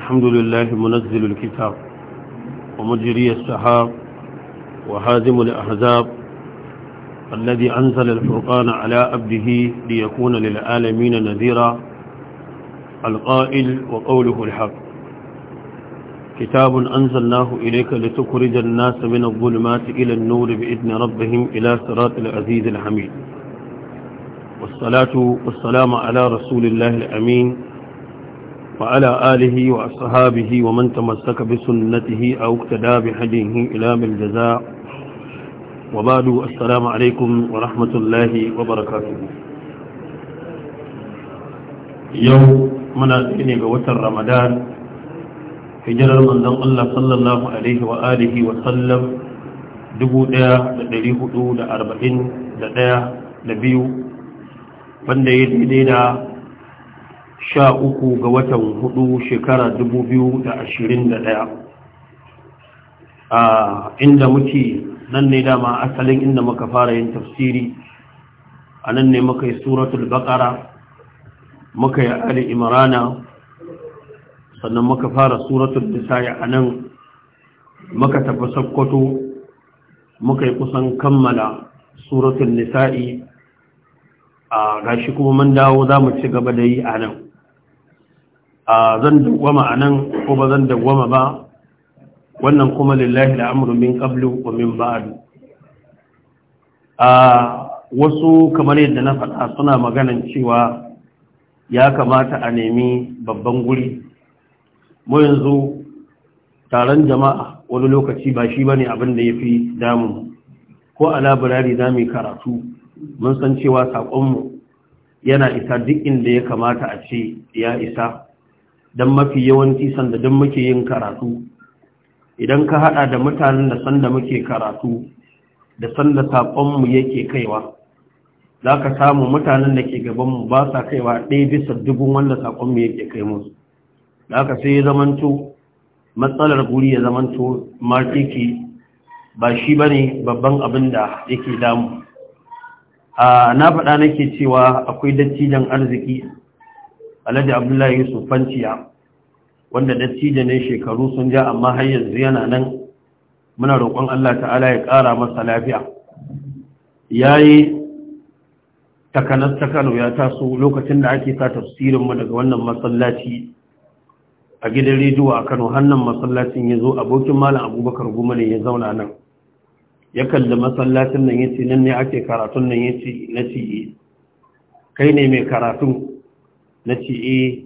الحمد لله منزل الكتاب ومجري السحاب وهازم الأحزاب الذي أنزل الفرقان على أبده ليكون للعالمين نذيرا القائل وقوله الحق كتاب أنزلناه إليك لتخرج الناس من الظلمات إلى النور بإذن ربهم إلى صراط العزيز الحميد والصلاة والسلام على رسول الله الأمين وعلى آله وأصحابه ومن تمسك بسنته أو اقتدى بحجه إلى بالجزاء وبعد السلام عليكم ورحمة الله وبركاته يوم مناسبين قوة رمضان hijirar manzon Allah sallallahu alaihi wa alihi wa sallam 1441 da biyu wanda ya daidai da sha uku ga watan hudu shekara dubu biyu da a inda muke nan ne dama asalin inda muka fara yin tafsiri a nan ne muka yi suratul baqara muka yi ali imrana sannan muka fara suratul nisa'i a nan muka tafi sakkwato muka yi kusan kammala suratul nisa'i a gashi kuma mun dawo za mu ci gaba da yi a nan a zan dawwama a nan ko ba zan dawwama ba wannan kuma lillahi al'amru min qablu wa min ba'du a wasu kamar yadda na faɗa suna maganan cewa ya kamata a nemi babban guri mu yanzu taron jama'a wani lokaci ba shi bane abin da yafi damu ko a labirari za mu karatu mun san cewa saƙonmu yana isa duk inda ya kamata a ce ya isa don mafi yawanci sanda don muke yin karatu idan ka hada da mutanen da sanda muke karatu da sanda saƙonmu yake kaiwa za ka samu mutanen da ke gabanmu ba sa kaiwa ɗaya bisa dubun wanda saƙonmu yake kai musu za ka sai zamanto matsalar guri ya zamanto martiki ba shi ba ne babban abin da yake damu a na faɗa nake cewa akwai dattijan arziki alhaji abdullahi yusuf fanciya wanda da ne shekaru sun ja amma har yanzu yana nan muna roƙon Allah ta'ala ya ƙara masa lafiya yayi takanas ta Kano ya taso lokacin da ake sa tafsirin mu daga wannan masallaci a gidan rediyo a Kano hannan masallacin yazo abokin malam Abubakar Guma ne ya zauna nan ya kalli masallacin nan yace nan ne ake karatun nan yace nace eh. kai ne mai karatun nace eh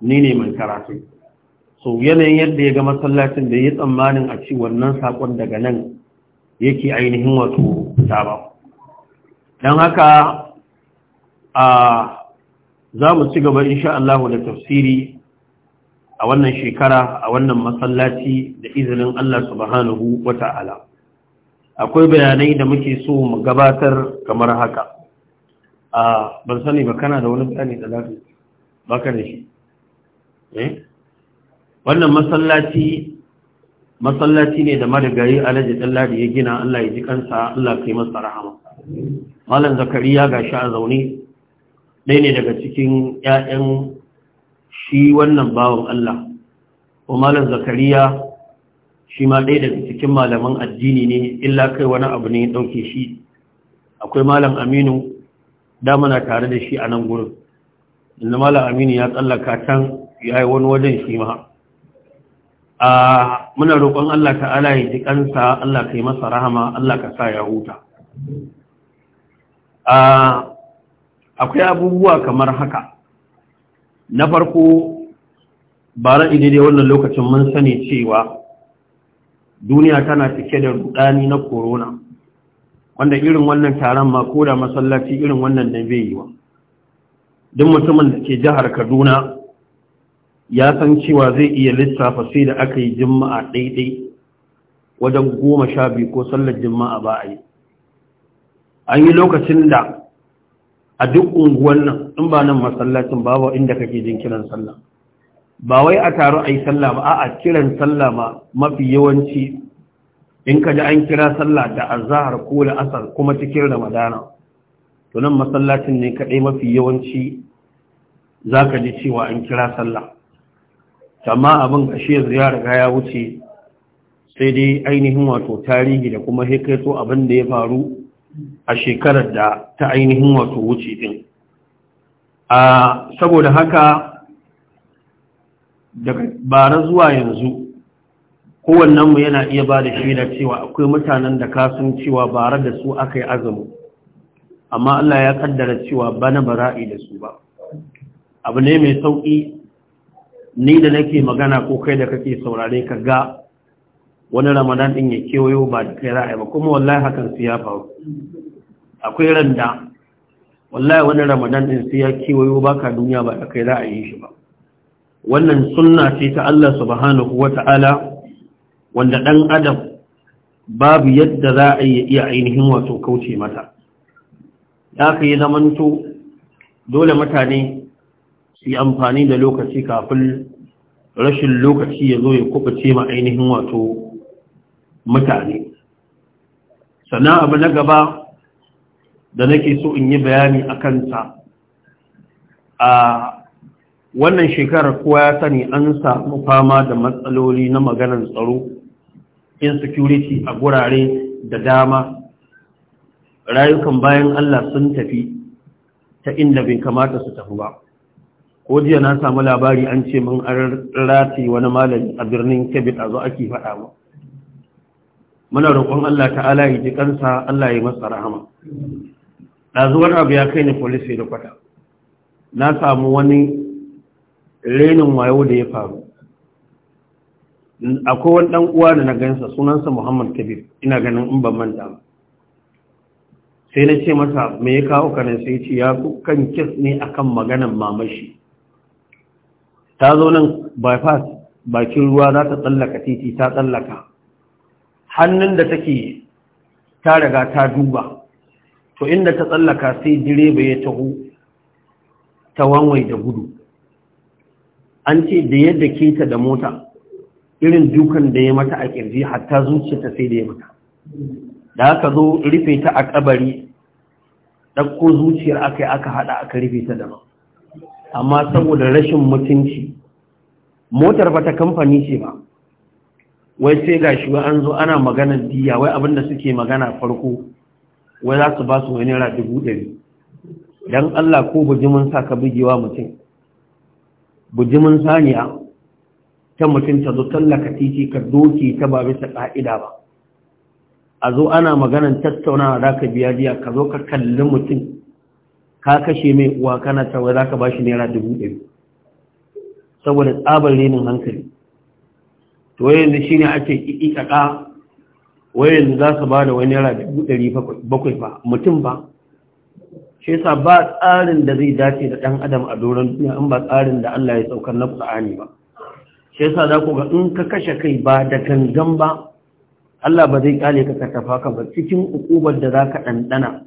ni ne mai karatu so yanayin yadda ya ga masallacin da ya tsammanin a ci wannan sakon daga nan yake ainihin wato fita ba don haka a za mu ci gaba insha Allah da tafsiri a wannan shekara a wannan masallaci da izinin Allah subhanahu wata'ala akwai bayanai da muke so mu gabatar kamar haka a ban sani ba kana da wani bayani da za ka da shi eh wannan masallaci masallaci ne da marigayi alhaji dallari ya gina Allah ya ji kansa Allah kai masa rahama malam zakariya gashi a zaune ɗaya ne daga cikin ƴaƴan shi wannan bawan Allah ko malam zakariya shi ma ɗaya daga cikin malaman addini ne illa kai wani abu ne ɗauke shi akwai malam aminu damana tare da shi a nan gurin inda malam aminu ya tsallaka can ya yi wani wajen shi ma a muna roƙon Allah ta'ala ya ji kansa Allah yi masa rahama Allah ka sa ya huta akwai abubuwa kamar haka na farko bara idai wannan lokacin mun sani cewa duniya tana cike da rudani na korona, wanda irin wannan taron ma ko da masallaci irin wannan da bai yi wa duk mutumin da ke jihar kaduna ya san cewa zai iya lissafa sai da aka yi jima'a daidai wajen goma sha biyu ko sallar jima'a ba a yi an yi lokacin da a duk unguwan nan in ba nan masallacin babu inda kake jin kiran sallah ba wai a taru a yi sallah ba a kiran sallah ma mafi yawanci in ka ji an kira sallah da azahar ko da asar kuma cikin ramadana to nan masallacin ne kaɗai mafi yawanci za ka ji cewa an kira sallah amma abin shi yanzu ya riga ya wuce sai dai ainihin wato tarihi da kuma hekaito abin da ya faru a shekarar da ta ainihin wato wuce din a saboda haka daga bara zuwa yanzu kowannenmu yana iya ba da da cewa akwai mutanen da kasan cewa bara da su aka yi azumi amma Allah ya kaddara cewa bana bara'i da su ba abu ne mai sauƙi ni da nake magana ko kai da kake saurare ka ga wani ramadan din ya kewayo ba da kai ra'ayi ba kuma wallahi hakan su ya faru akwai randa wallahi wani ramadan din sai ya kewayo baka duniya ba da kai ra'ayi shi ba wannan sunna ce ta Allah subhanahu wata'ala wanda dan adam babu yadda za a yi iya ainihin wato kauce mata ya ka yi zamanto dole mutane yi amfani da lokaci kafin rashin lokaci ya zo ya kubuce ma ainihin wato mutane sannan abu na gaba da nake so in yi bayani a kansa a wannan shekarar kowa ya sani an samu fama da matsaloli na maganar tsaro insecurity a gurare da dama rayukan bayan Allah sun tafi ta inda bai kamata su tafi ba ko jiya na samu labari an ce mun an rati wani malami a birnin kebbi a zo ake faɗa mu muna roƙon Allah ta'ala ya ji kansa Allah ya masa rahama ɗazuwar abu ya kai ni police da kwata na samu wani renin wayo da ya faru akwai wani ɗan uwa da na gansa sunansa muhammad kabir ina ganin in ban manta ba sai na ce masa me ya kawo ka sai ce ya kan kes ne akan maganan mamashi ta zo nan bypass bakin ruwa za ta tsallaka titi ta tsallaka hannun da take ta riga ta duba to inda ta tsallaka sai direba ya taho ta wanwai da gudu an ce da yadda ke ta da mota irin dukan da ya mata a kirji hatta zuciyarta sai da ya mata da aka zo rufe ta a kabari ɗauko zuciyar aka yi aka haɗa aka rufe ta daban amma saboda rashin mutunci motar ba ta kamfani ce ba wai sai ga shi an zo ana maganar diya wai abinda suke magana farko wai za su ba su wani naira dubu don allah ko bujimin sa ka bugewa mutum bujimin saniya ta mutum ta zo tallaka titi ka doke ta ba bisa ƙa'ida ba a zo ana maganar tattaunawa za ka biya diya ka zo ka kalli mutum ka kashe mai uwa kana cewa za ka ba shi naira dubu ɗari saboda tsabar renin hankali to yanzu shi ne ake ƙiƙaƙa yanzu za su ba da wani naira dubu ɗari bakwai ba mutum ba shi yasa ba tsarin da zai dace da ɗan adam a doron duniya in ba tsarin da Allah ya saukar na Qur'ani ba shi yasa za ku ga in ka kashe kai ba da gangan ba Allah ba zai ƙale ka ka tafa ka ba cikin ukubar da za ka ɗanɗana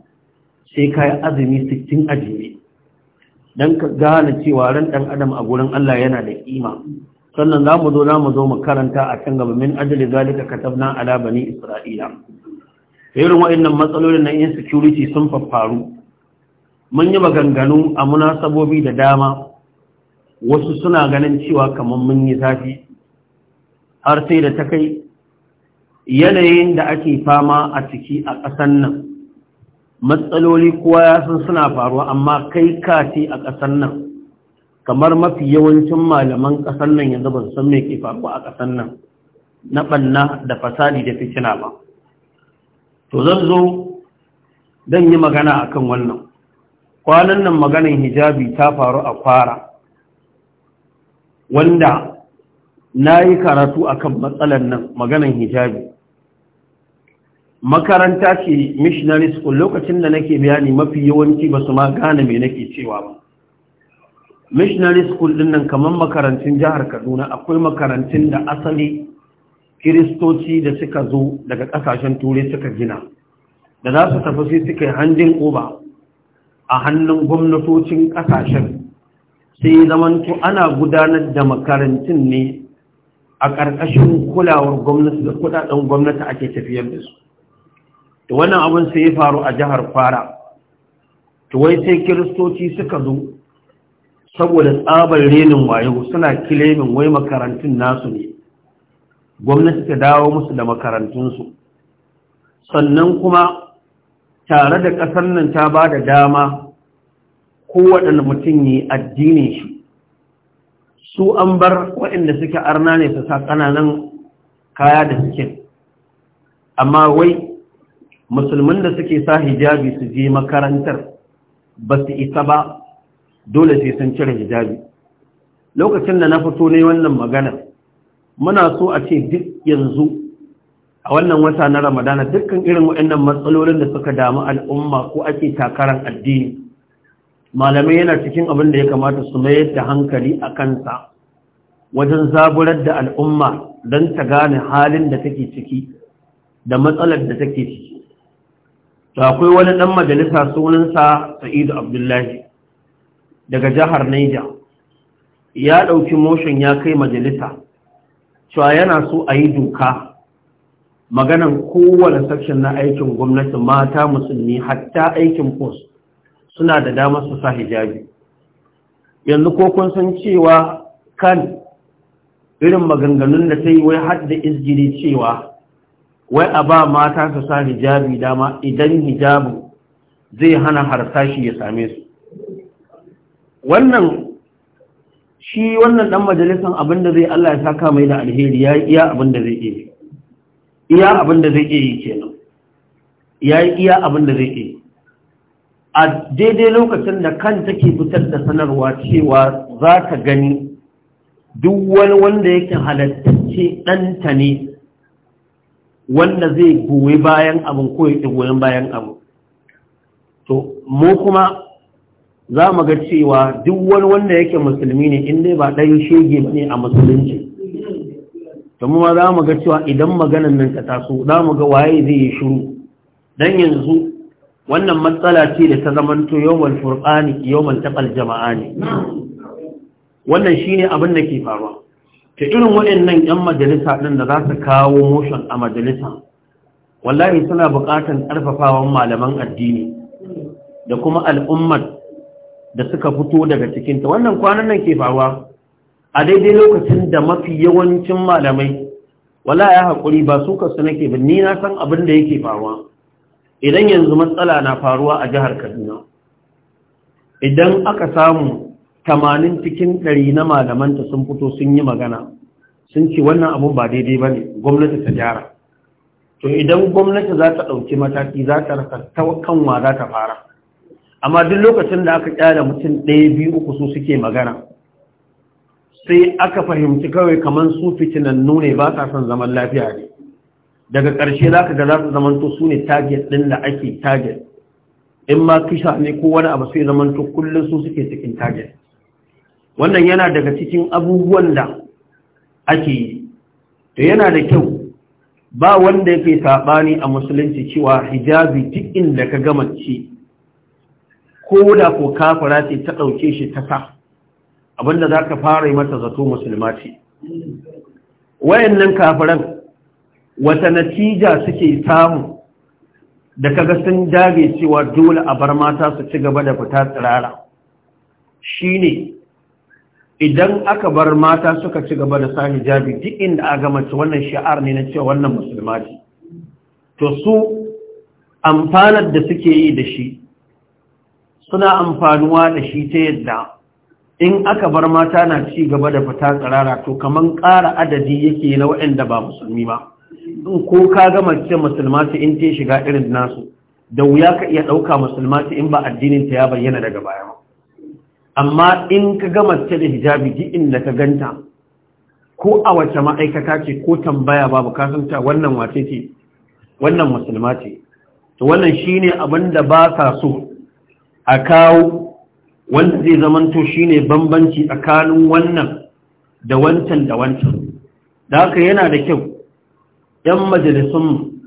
sai ka yi azumi sittin a don ka gane cewa ran ɗan adam a gurin Allah yana da ƙima sannan za mu zo za mu zo mu karanta a can gaba min ajali zalika katabna ala bani isra'ila irin wa'annan matsalolin na insecurity sun faffaru mun yi maganganu a munasabobi da dama wasu suna ganin cewa kamar mun yi zafi har sai da ta kai yanayin da ake fama a ciki a ƙasar nan matsaloli kowa ya san suna faruwa amma kai kati a ƙasar nan kamar mafi yawancin malaman ƙasar nan yanzu ban san me ke faruwa a ƙasar nan na ɓanna da fasadi da fitina ba to zan zo dan yi magana akan wannan kwanan nan maganin hijabi ta faru a kwara wanda na yi karatu akan matsalar nan maganin hijabi makaranta ke missionary school lokacin da nake bayani mafi yawanci ba su ma gane me nake cewa ba missionary school din nan kamar makarantun jihar kaduna akwai makarantun da asali kiristoci da suka zo daga kasashen turai suka gina da za su tafi sai suka yi handin oba a hannun gwamnatocin kasashen sai zamanto ana gudanar da makarantun ne a ƙarƙashin kulawar gwamnati da kudaden gwamnati ake tafiyar da su to wannan abin sai ya faru a jihar kwara to wai sai kiristoci suka zo saboda tsabar renin wayo suna kilemin wai makarantun nasu ne gwamnati ta dawo musu da makarantunsu sannan kuma tare da ƙasar nan ta ba da dama kowaɗanne mutum yi addinin shi su an bar waɗanda suke arna ne su sa ƙananan kaya da suke amma wai musulman da suke sa hijabi su je makarantar ba su isa ba dole sai sun cire hijabi lokacin da na fito ne wannan maganar muna so a ce duk yanzu a wannan wata na ramadana dukkan irin waɗannan matsalolin da suka damu al'umma ko ake takarar addini malamai yana cikin abin da ya kamata su mayar da hankali a kansa wajen zaburar da al'umma don ta gane halin da take ciki da matsalar da take ciki to akwai wani ɗan majalisa sunansa Sa'idu Abdullahi daga jihar Niger ya ɗauki motion ya kai majalisa cewa yana so a yi doka maganan kowane section na aikin gwamnati mata musulmi hatta aikin post suna da damar su sa hijabi yanzu ko kun san cewa kan irin maganganun da ta yi wai da izgiri cewa wai a ba mata su sa hijabi dama idan hijabu zai hana harsashi ya same su wannan shi wannan dan majalisan abinda zai Allah ya saka mai da alheri ya iya abinda zai iya iya abinda zai iya kenan ya iya abinda zai iya a daidai lokacin da kan take fitar da sanarwa cewa za ta gani duk wani wanda yake halattacce ɗanta ne wanda zai goyi bayan abin ko ya goyi bayan abu to mu kuma za mu ga cewa duk wani wanda yake musulmi ne in dai ba ɗaya shege ne a musulunci to mu ma za mu ga cewa idan maganan nan ta taso za mu ga waye zai yi shiru dan yanzu wannan matsala ce da ta zamanto yawmal furqani yawmal taqal jama'a ne wannan shine abin da ke faruwa ke irin waɗannan 'yan majalisa ɗin da za su kawo motion a majalisa wallahi suna buƙatar ƙarfafawan malaman addini da kuma al'ummar da suka fito daga cikinta wannan kwanan nan ke faruwa a daidai lokacin da mafi yawancin malamai wala ya haƙuri ba su kasu nake ba ni na san abin da yake faruwa idan yanzu matsala na faruwa a jihar kaduna idan aka samu tamanin cikin ɗari na malamanta sun fito sun yi magana sun ce wannan abun ba daidai ba ne gwamnati ta gyara to idan gwamnati za ta ɗauki mataki za ta rasa kanwa za ta fara amma duk lokacin da aka kyara mutum ɗaya biyu uku su suke magana sai aka fahimci kawai kamar su fitinan nune ba sa son zaman lafiya ne daga ƙarshe za ka ga za su zamanto su ne target ɗin da ake target in ma kisha ne ko wani abu sai zamanto kullum su suke cikin target wannan yana daga cikin abubuwan da ake yi to yana da kyau ba wanda yake saɓani a musulunci cewa hijabi duk inda ka gama ce ko da ko kafara ce ta ɗauke shi ta sa abinda za ka fara yi mata zato musulma ce wayannan kafaran wata natija suke samu da kaga sun dage cewa dole a bar mata su ci gaba da fita tsirara shine idan aka bar mata suka ci gaba da sa hijabi duk inda a gama ci wannan sha'ar ne na cewa wannan musulma ce to su amfanar da suke yi da shi suna amfanuwa da shi ta yadda in aka bar mata na ci gaba da fita tsirara to kamar ƙara adadi yake na waɗanda ba musulmi ba in ko ka gama mace musulma ce in ta shiga irin nasu da wuya ka iya ɗauka musulma ce in ba addinin ta ya bayyana daga baya ba amma in ka gama ta da hijabi duk inda ka ganta ko a wace ma'aikata ce ko tambaya babu kasanta wannan wace ce wannan musulma ce to wannan shine abin da ba sa so a kawo wanda zai zamanto shine bambanci tsakanin wannan da wancan da wancan da haka yana da kyau yan majalisun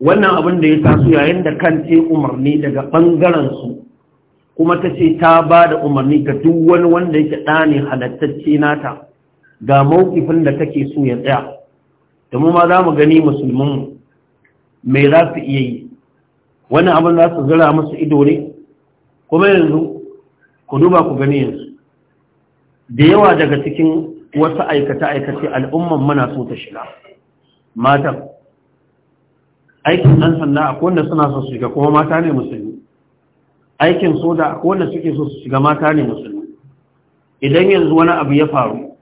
wannan abin da ya taso yayin da kan ce umarni daga ɓangarensu kuma ta ce ta ba da umarni ga duk wani wanda yake ɗa ne halattacce nata ga maukifin da take so ya tsaya da mu ma za mu gani mu. mai za su iya yi wani abin za su zira masu ido ne kuma yanzu ku duba ku gani yanzu da yawa daga cikin wasu aikace-aikace al'umman mana so ta shiga matan aikin ɗan sanda a kowanne suna so su shiga kuma mata ne musulmi aikin soja wanda suke so su shiga mata ne musulmi idan yanzu wani abu ya faru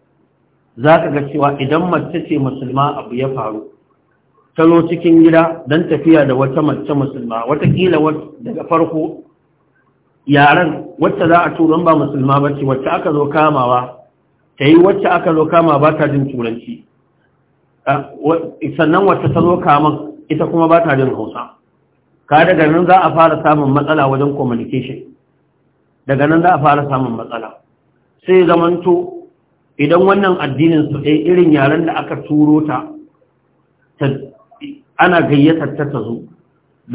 za ka ga cewa idan mace ce musulma abu ya faru talo cikin gida don tafiya da wata mace musulma watakila daga farko yaren wacce za a turon ba musulma ba ce wacce aka zo kamawa ta yi wacce aka zo kama ba ta jin turanci sannan wacce ta zo kaman ita kuma ba ta jin hausa ka daga nan za a fara samun matsala wajen communication daga nan za a fara samun matsala sai zamanto idan wannan addinin su ɗai irin yaren da aka turo ta ana gayyatar ta ta zo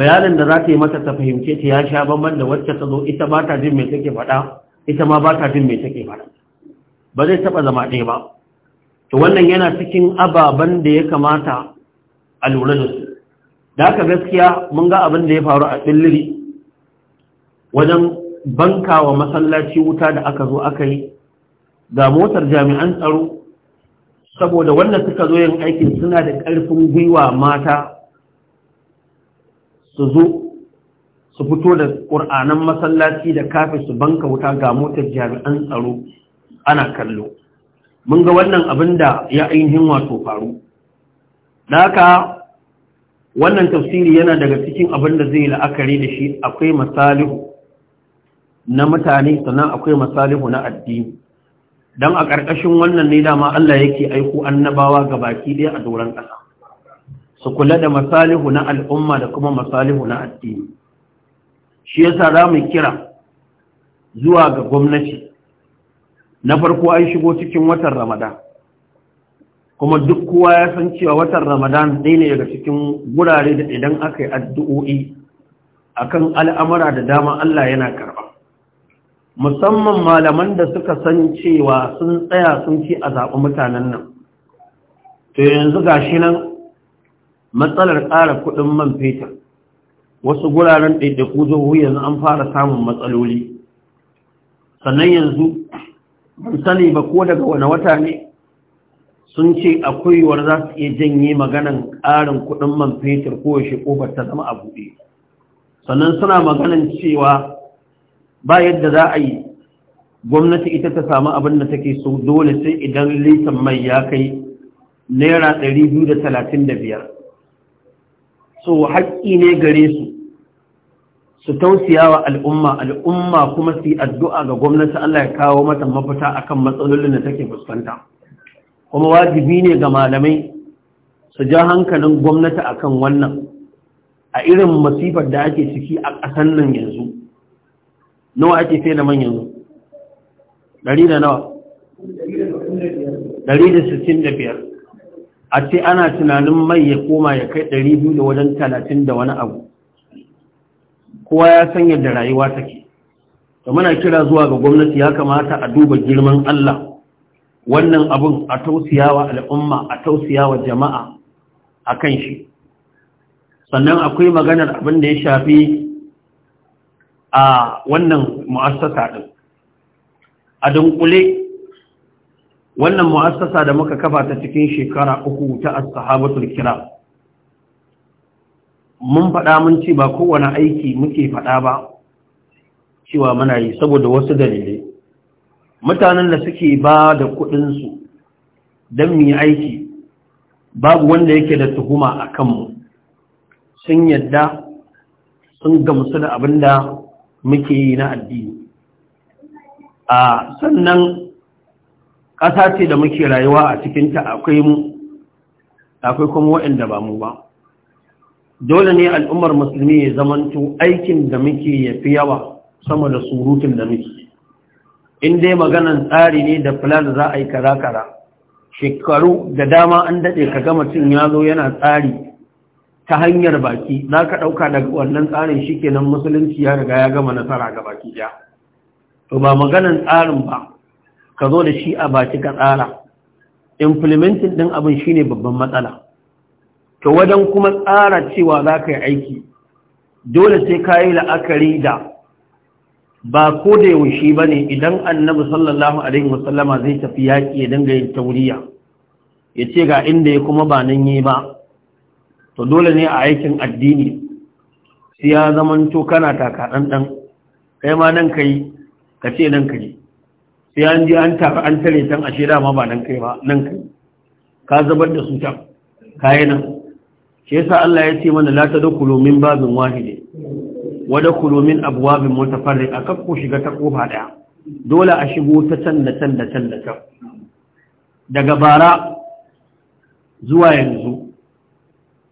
bayanin da za ta yi mata ta fahimce ta ya sha banban da wacce ta zo ita ba ta jin mai take faɗa ita ma ba ta jin mai take faɗa ba zai taɓa zama ɗaya ba to wannan yana cikin ababen da ya kamata a lura da su da haka gaskiya mun ga abin da ya faru a tsilliri wajen banka wa masallaci wuta da aka zo aka yi ga motar jami'an tsaro saboda wanda suka zo yin aikin suna da ƙarfin gwiwa mata su zo su fito da ƙur'anan masallaci da kafe su banka wuta ga motar jami'an tsaro ana kallo mun ga wannan abin da ya ainihin wato faru da haka wannan tafsiri yana daga cikin abin da zai la'akari da shi akwai masalihu na mutane sannan akwai masalihu na addini don a ƙarƙashin wannan ne dama Allah yake aiko annabawa ga baki ɗaya a doron ƙasa su kula da masalihu na al'umma da kuma masalihu na addini shi yasa za mu kira zuwa ga gwamnati na farko an shigo cikin watan ramadan kuma duk kowa ya san cewa watan ramadan ɗaya ne daga cikin gurare da idan aka yi addu'o'i akan al'amura da dama Allah yana karɓa musamman malaman da suka san cewa sun tsaya sun ci a zaɓi mutanen nan to yanzu gashi nan matsalar ƙara kuɗin man fetur wasu guraren ɗaiɗaiku jihohi yanzu an fara samun matsaloli sannan yanzu ban sani ba ko daga wani wata ne sun ce akwai war za su iya janye maganan ƙarin kuɗin man fetur ko shi ƙofar ta zama a buɗe sannan suna maganan cewa ba yadda za a yi gwamnati ita ta samu abin da take so dole sai idan litan mai ya kai naira ɗari biyu da da talatin biyar. so haƙƙi ne gare su su tausaya wa al'umma al'umma kuma su yi addu'a ga gwamnati Allah ya kawo mata mafita akan matsalolin da take fuskanta kuma wajibi ne ga malamai su ja hankalin gwamnati akan wannan a irin masifar da ake ciki a ƙasan nan yanzu nawa ake fiye da manyan yanzu ɗari da nawa ɗari da sittin da biyar a ce ana tunanin mai ya koma ya kai ɗari biyu da wajen talatin da wani abu kowa ya san yadda rayuwa take da muna kira zuwa ga gwamnati ya kamata a duba girman Allah wannan abun a tausiyawa al'umma a tausiyawa jama'a a kan shi sannan akwai maganar abin da ya shafi a wannan mu'assasa ɗin a dunkule wannan mu'assasa da muka kafa ta cikin shekara uku ta ashabatul kira mun faɗa mun ce ba kowane aiki muke faɗa ba cewa muna yi saboda wasu dalilai mutanen da suke ba da kuɗinsu don mu yi aiki babu wanda yake da tuhuma a kanmu sun yadda sun gamsu da abin da muke yi na addini a sannan ƙasa ce da muke rayuwa a cikinta akwai mu akwai kuma waɗanda ba mu ba dole ne al'ummar musulmi ya zamanto aikin da muke yafi yawa sama da surutun da muke in dai maganan tsari ne da plan za a yi kaza-kaza shekaru da dama an daɗe ka gama cin ya zo yana tsari ta hanyar baki za ka ɗauka daga wannan tsarin shi kenan musulunci ya riga ya gama nasara ga baki ya to ba maganan tsarin ba ka zo da shi a baki ka tsara implementing ɗin abin shine babban matsala to wajen kuma tsara cewa za ka yi aiki dole sai ka yi la'akari da ba ko da yaushe ba ne idan annabi sallallahu alaihi wasallama zai tafi yaƙi ya dinga yin tauriya ya ce ga inda ya kuma ba nan yi ba to dole ne a aikin addini sai ya to kana taka ɗan, kai ma nan ka yi ka ce nan ka yi sai an ji an tafi an tare can ashe dama ba nan kai ba nan ka yi ka zabar da su can kayi nan shi yasa Allah ya ce mana la tadkhulu min babin wahidin wada kulomin abuwabin mutafarri a kakko shiga ta kofa ɗaya dole a shigo ta can da can da can da can daga bara zuwa yanzu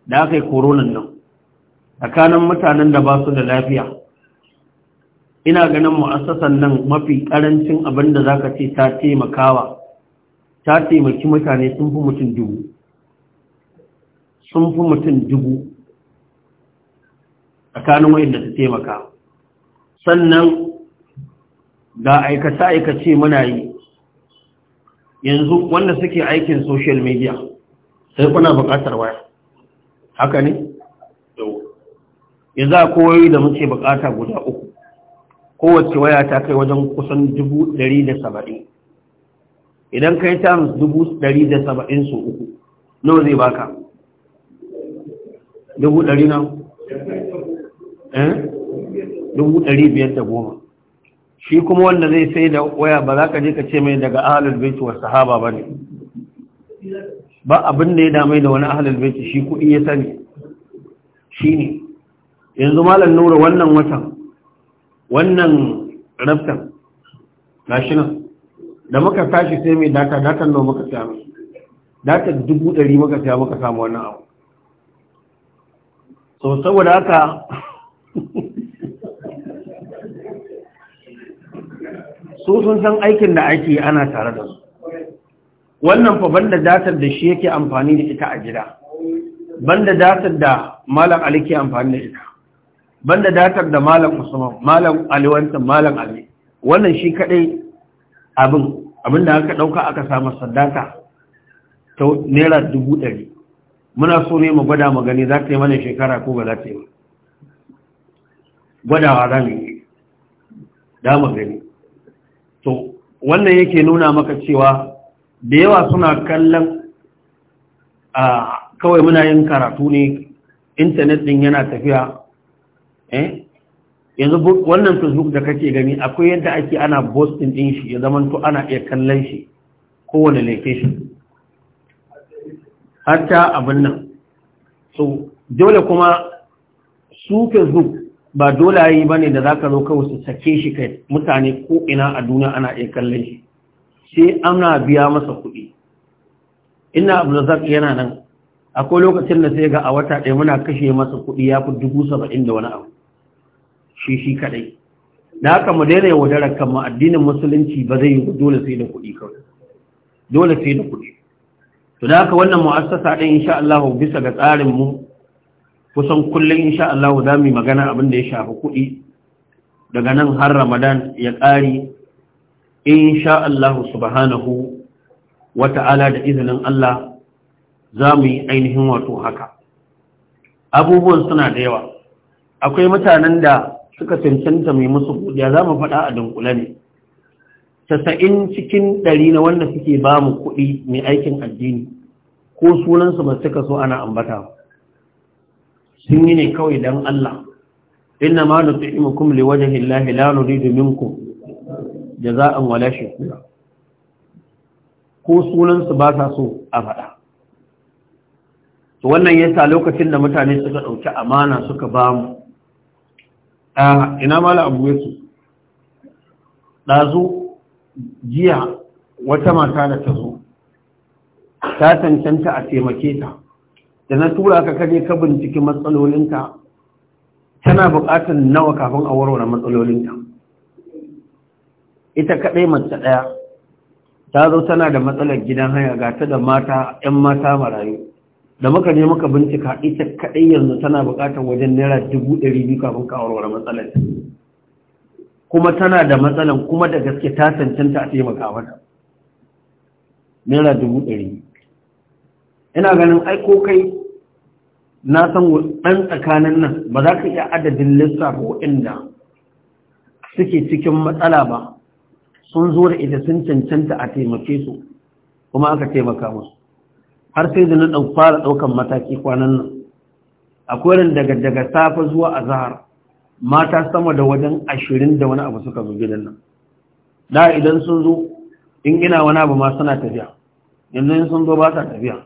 da aka yi koronan nan tsakanin mutanen da ba su da lafiya ina ganin mu'assasan nan mafi ƙarancin abin da za ka ce ta taimakawa ta taimaki mutane sun fi mutum dubu tsakanin wayanda su taimaka sannan ga aikace aikace muna yi yanzu wanda suke aikin social media sai kuna buƙatar waya haka ne yanzu a koyoyi da muke buƙata guda uku kowace waya ta kai wajen kusan dubu da saba'in idan kai ta dubu ɗari da saba'in su uku nawa zai baka dubu na Eh? dubu ɗari biyar da goma shi kuma wanda zai sai da waya ba za ka je ka ce mai daga ahalul beki wa sahaba ba ne ba abin da ya dame da wani ahalul beki shi kuɗi ya sani shi ne yanzu malam nura wannan watan wannan raftan national da muka tashi sai mai data datan da muka samu mai data dubu ɗari maka muka samu wannan abu so saboda haka su sun san aikin da ake ana tare da su wannan fa banda datar da shi yake amfani da ita a gida banda datar da malam ali ke amfani da ita banda datar da malam musamman malam ali wancan malam ali wannan shi kadai abin abin da aka dauka aka samu sadaka ta naira dubu ɗari muna so ne mu gwada magani za ta yi mana shekara ko ba za ta yi gwadawa za mu yi damar gani to wannan yake nuna maka cewa da yawa suna kallon a kawai muna yin karatu ne intanet din yana tafiya eh yanzu wannan facebook da kake gani akwai yadda ake ana boston din shi ya zama to ana iya kallon shi kowane location hatta abin nan so dole kuma su facebook ba dole yi ba ne da za ka zo kawai su sake shi kai mutane ko ina a duniya ana iya kallon shi sai ana biya masa kuɗi ina abdulrazak yana nan akwai lokacin da sai ga a wata ɗaya muna kashe masa kuɗi ya fi dubu saba'in da wani abu shi shi kaɗai da haka mu daina yaudarar kama addinin musulunci ba zai yi dole sai da kuɗi kawai dole sai da kuɗi to da haka wannan mu'assasa ɗin insha Allah bisa ga tsarin mu kusan kullum insha Allah za mu magana abin da ya shafi kuɗi daga nan har Ramadan ya ƙari insha Allah subhanahu wata'ala da izinin Allah za mu yi ainihin wato haka abubuwan suna da yawa akwai mutanen da suka cancanta mai musu kuɗi za mu faɗa a dunkule ne tasa'in cikin ɗari na wanda suke ba mu kuɗi mai aikin addini ko sunansu ba suka so ana ambata ba. sun yi ne kawai don Allah inna ma nuti'imukum liwajhi llahi la da za jaza'an wala shukura ko sunansu ba sa so a faɗa to wannan yasa lokacin da mutane suka ɗauki amana suka ba mu a ina mala abu yake dazu jiya wata mata da ta zo ta tantanta a taimake ta da na tura ka kaje ka binciki matsalolinka tana buƙatar nawa kafin a warware matsalolinka ita kaɗai mace ɗaya ta zo tana da matsalar gidan haya ga ta da mata 'yan mata marayu da muka ne muka bincika ita kaɗai yanzu tana buƙatar wajen naira dubu ɗari biyu kafin ka warware matsalar kuma tana da matsalar kuma da gaske ta cancanta a taimaka mata naira dubu ɗari ina ganin ai ko kai na san ɗan tsakanin nan ba za ka iya adadin lissafa waɗanda suke cikin matsala ba sun zo da ita sun cancanta a taimake su kuma aka taimaka musu har sai da na fara ɗaukan mataki kwanan nan akwai ran daga daga safe zuwa a zahar mata sama da wajen ashirin da wani abu suka zo gidan nan da idan sun zo in ina wani abu ma suna tafiya yanzu sun zo ba sa tafiya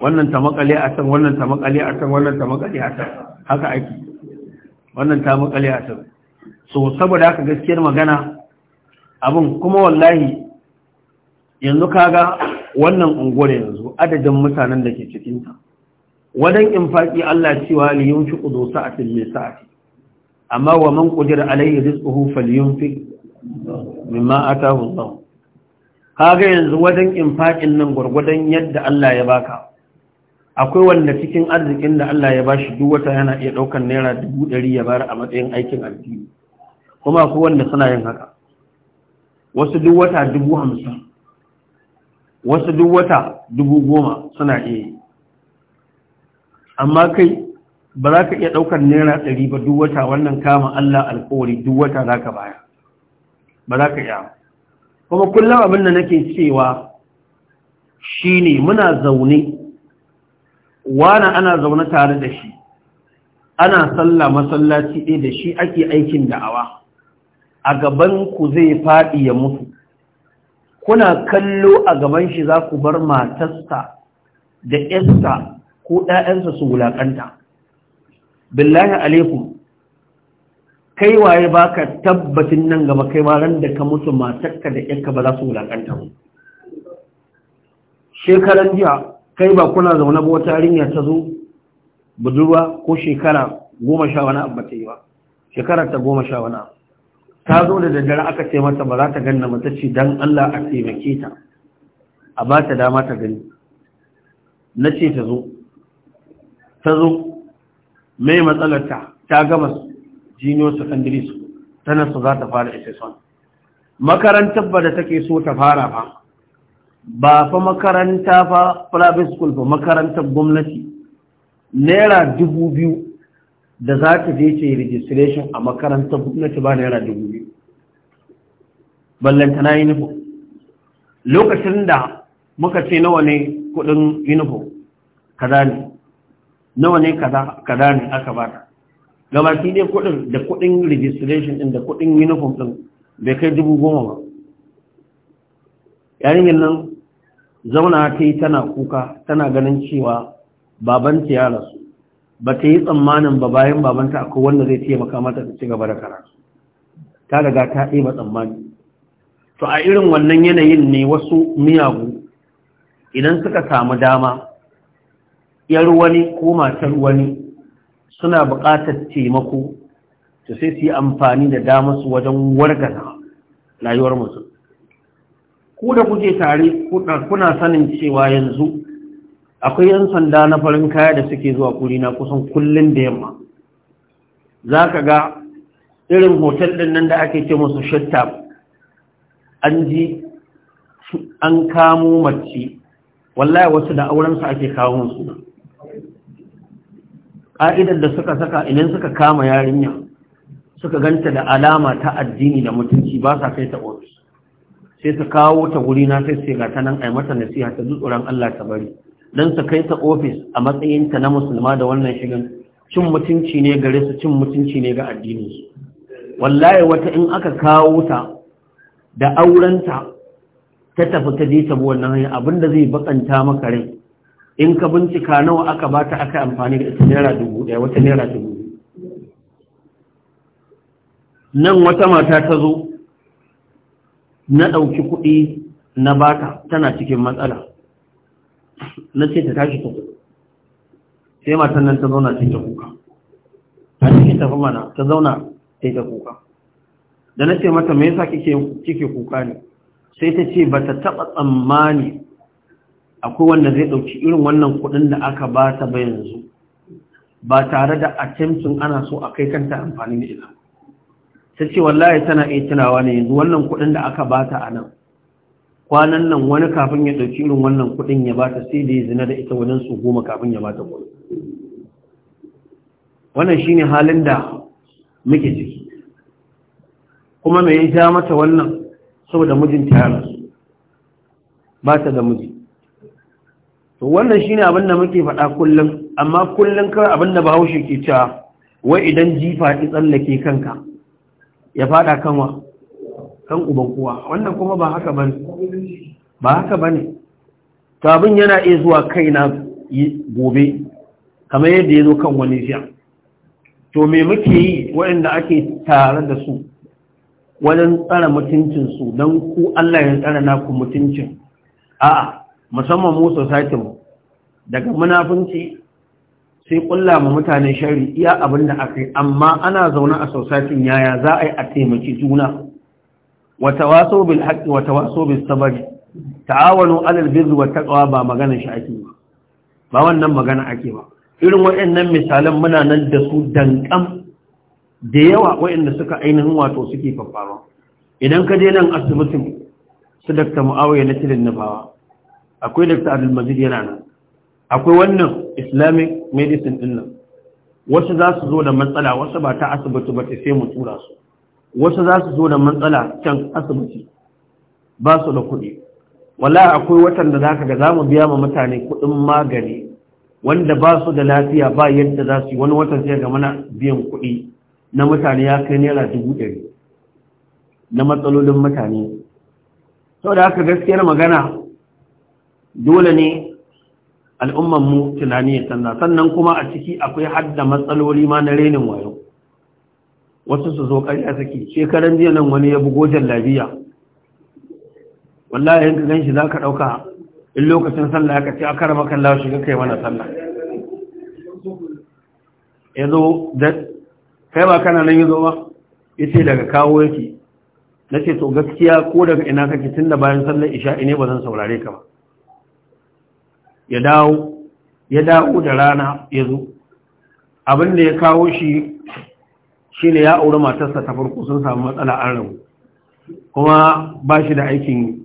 wannan ta makale a can wannan ta makale a can wannan ta makale a can haka ake wannan ta makale a can so saboda haka gaskiyar magana abin kuma wallahi yanzu kaga wannan unguwar yanzu adadin mutanen da ke cikinta wadan infaki Allah cewa li yunfi du sa'atin min amma wa man qudira alayhi rizquhu falyunfi mimma atahu Allah kaga yanzu wadan infakin nan gurgudan yadda Allah ya baka akwai wanda cikin arzikin da Allah ya bashi duk wata yana iya ɗaukar naira dubu ɗari ya bar a matsayin aikin addini kuma akwai wanda suna yin haka wasu duk wata dubu hamsin wasu duk wata dubu goma suna iya amma kai ba za ka iya ɗaukar naira ɗari ba duk wata wannan kama Allah alkawari duk wata za ka baya ba za ka iya kuma kullum abin da nake cewa shine muna zaune wani ana zaune tare da shi ana sallah masallaci ɗaya da shi ake aikin da'awa a gaban ku zai faɗi ya mutu kuna kallo a gaban shi za ku bar matasta da ƴarsa ko ɗayansa su wulaƙanta billahi alaikum kai waye baka tabbatin nan gaba kai ma ran da ka mutu matarka da ƴarka ba za su wulaƙanta mu shekaran jiya kai ba kuna zaune ba wata yarinya ta zo budurwa ko shekara goma sha wani abu ta yi ba shekara ta goma sha wani abu ta zo da daddare aka ce mata ba za ta ganna mata ce don Allah a taimake ta a ba ta dama ta gani na ce ta zo ta zo mai matsalarta ta gama junior secondary school tana su za ta fara ss son makarantar ba da take so ta fara ba ba fa makaranta fa private school fa makarantar gwamnati naira dubu biyu da za ta je ce registration a makarantar gwamnati ba naira dubu biyu ballanta na uniform lokacin da muka ce nawa ne kudin uniform kaza ne nawa ne kaza ne aka bata gabaki ne kudin da kudin registration din da kudin uniform din bai kai dubu goma ba yayin nan zauna ta yi tana kuka tana ganin cewa babanta ya rasu ba ta yi tsammanin ba bayan babanta akwai wanda zai taimaka mata ta ci gaba da karatu ta daga ta ba tsammani to a irin wannan yanayin ne wasu miyagu idan suka samu dama yar wani ko matar wani suna buƙatar taimako to sai su yi amfani da damar su wajen wargana rayuwar mutum ku da kuke tare kuna sanin cewa yanzu akwai yan sanda na farin kaya da suke zuwa na kusan kullum da yamma za ka ga irin hotel ɗin nan da ake ce musu shatta an ji an kamo mace wallahi wasu da aurensu ake kawo su ƙa'idar da suka saka idan suka kama yarinya suka ganta da alama ta addini da mutunci ba sa kai ta ofis sai su kawo ta guri na sai sai ta nan ai mata nasiha ta tsoron Allah ta bari dan su kai ta ofis a matsayin ta na musulma da wannan shigan cin mutunci ne gare su cin mutunci ne ga addini su wallahi wata in aka kawo ta da aurenta ta tafi ta je ta bi wannan abinda zai bakanta maka rai in ka bincika nawa aka ba ta aka amfani da ita naira dubu ɗaya wata naira dubu nan wata mata ta zo na ɗauki kuɗi na baka tana cikin matsala na ce ta tashi ta sai matan nan ta zauna ta kuka ta cikin tafi mana ta zauna ta yi ta kuka da na ce mata me yasa kike kuka ne sai ta ce ba ta taɓa tsammani akwai wanda zai ɗauki irin wannan kuɗin da aka ba ta ba yanzu ba tare da attempting ana so a kai kanta amfani da ita ta ce wallahi tana iya tunawa ne yanzu wannan kuɗin da aka bata a nan kwanan nan wani kafin ya ɗauki irin wannan kuɗin ya bata sai da ya zina da ita wajen su goma kafin ya bata kuɗi wannan shi ne halin da muke ciki kuma me ya ja mata wannan saboda mijinta ya su ba ta da miji to wannan shi abin da muke faɗa kullum amma kullum kawai abin da bahaushe ke cewa wai idan jifa ki tsallake kanka ya fada wa kan uban kuwa wannan kuma ba haka bane ba haka bane to abin yana iya zuwa kaina gobe kamar yadda ya zo kan wani jiya. to me muke yi waɗanda ake tare da su wajen tsara mutuncinsu don ku Allah ya tsara naku mutuncin a'a musamman mu society daga munafunci sai kulla ma mutane shari iya abin da aka yi amma ana zaune a sausatin yaya za a yi a taimaki juna wata waso bil haƙi wata waso bil sabari ta'awanu alal birri wa taqwa ba magana shi ake ba ba wannan magana ake ba irin waɗannan misalan muna nan da su danƙam da yawa waɗanda suka ainihin wato suke faffaro idan ka je nan asibitin su dakta mu'awiyar na tilin nabawa akwai dakta abdulmajid yana nan akwai wannan islamic medicine din nan wasu za su zo da matsala wasu ba ta asibiti ba ta sai mu tura su wasu za su zo da matsala can asibiti ba su da kuɗi wala akwai watan da za ka ga za mu biya ma mutane kuɗin magani wanda ba su da lafiya ba yadda za su yi wani watan sai ga mana biyan kuɗi na mutane ya kai naira dubu ɗari na matsalolin mutane sau haka gaskiyar magana dole ne al'umman mu tunani ya canza sannan kuma a ciki akwai hadda matsaloli ma na renin wayo wasu su zo ƙarya suke shekaran jiya nan wani ya bugo jallabiya wallahi yanka gan shi za ka ɗauka in lokacin sallah ya kaci, a rama kan lawa shiga kai mana sallah ya zo da kai ba kana nan ya zo ba ya ce daga kawo yake na ce to gaskiya ko daga ina kake tun da bayan sallar isha ine ba zan saurare ka ba ya dawo ya dawo da rana ya zo abin da ya kawo shi shi ne ya auri matarsa ta farko sun samu matsala an rabu kuma ba shi da aikin yi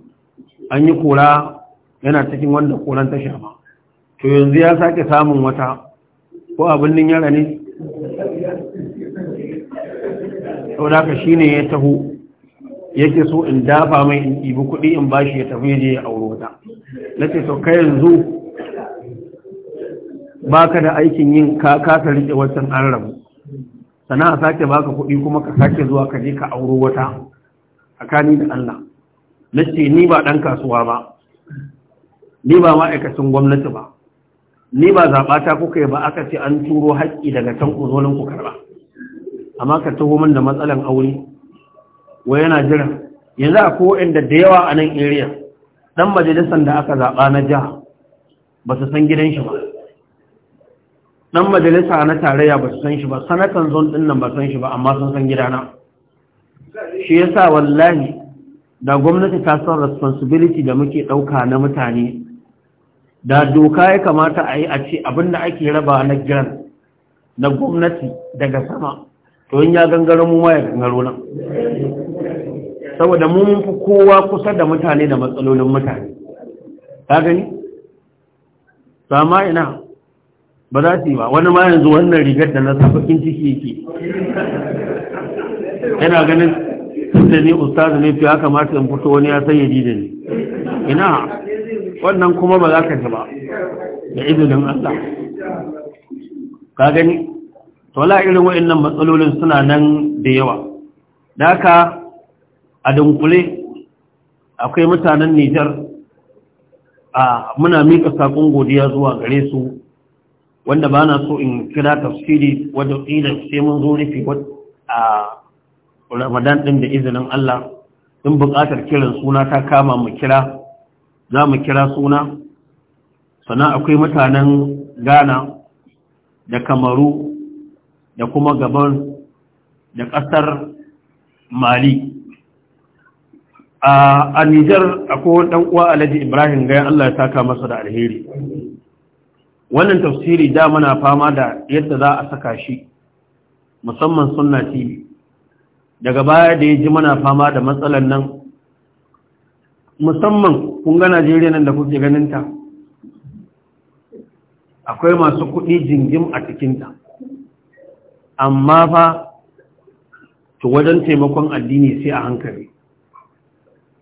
an yi kura yana cikin wanda koran ta shafa to yanzu ya sake samun wata ko abin nin yara ne sau da ka shi ne ya taho yake so in dafa mai in ibi kuɗi in bashi ya tafi je ya auro wata na ce sau kai yanzu Ba ka da aikin yin ka kasa rike wancan an rabu Sana'a a sake baka kuɗi kuma ka sake zuwa ka je ka auro wata tsakani da Allah ce ni ba ɗan kasuwa ba ni ba ma'aikacin gwamnati ba ni ba zaɓata kuka yi ba aka ce an turo haƙƙi daga can uzolin ku karɓa amma ka taho min da matsalan aure wai yana jira yanzu a ko'in da da yawa a nan area dan majalisar da aka zaɓa na jiha ba su san gidan shi ba dan majalisa na tarayya ba su san shi ba sanatan zon din nan ba san shi ba amma sun san gidana shi yasa wallahi da gwamnati ta san responsibility da muke dauka na mutane da doka ya kamata a yi a ce abinda ake raba na gidan na gwamnati daga sama to in ya gangaro mu ma ya gangaro nan saboda mun fi kowa kusa da mutane da matsalolin mutane ka gani sama ina ba za su yi ba wani ma yanzu wannan rigar da na safafin ciki yake yana ganin da ni ustazu ne fiye kamata in fito wani ya sayyadi da ni ina wannan kuma ba za ka ji ba da izinin Allah ka gani la irin waɗannan matsalolin suna nan da yawa daka a dunkule akwai mutanen Nijar a muna mika sakon godiya zuwa gare su wanda ba na so in kira tafsiri wadda ƙila sai mun zo rufe a ramadan ɗin da izinin Allah in buƙatar kiran suna ta kama mu kira za mu kira suna sannan akwai mutanen ghana da kamaru da kuma gaban da ƙasar mali a nijar akwai ɗanuwa uwa alhaji ibrahim gayan Allah ya saka masa da alheri wannan tafsiri da muna fama da yadda za a saka shi musamman sunna tv daga baya da ya ji muna fama da matsalan nan musamman kun ga najeriya nan da kuke ganinta akwai masu kuɗi jingim a cikinta amma fa to wajen taimakon addini sai a hankali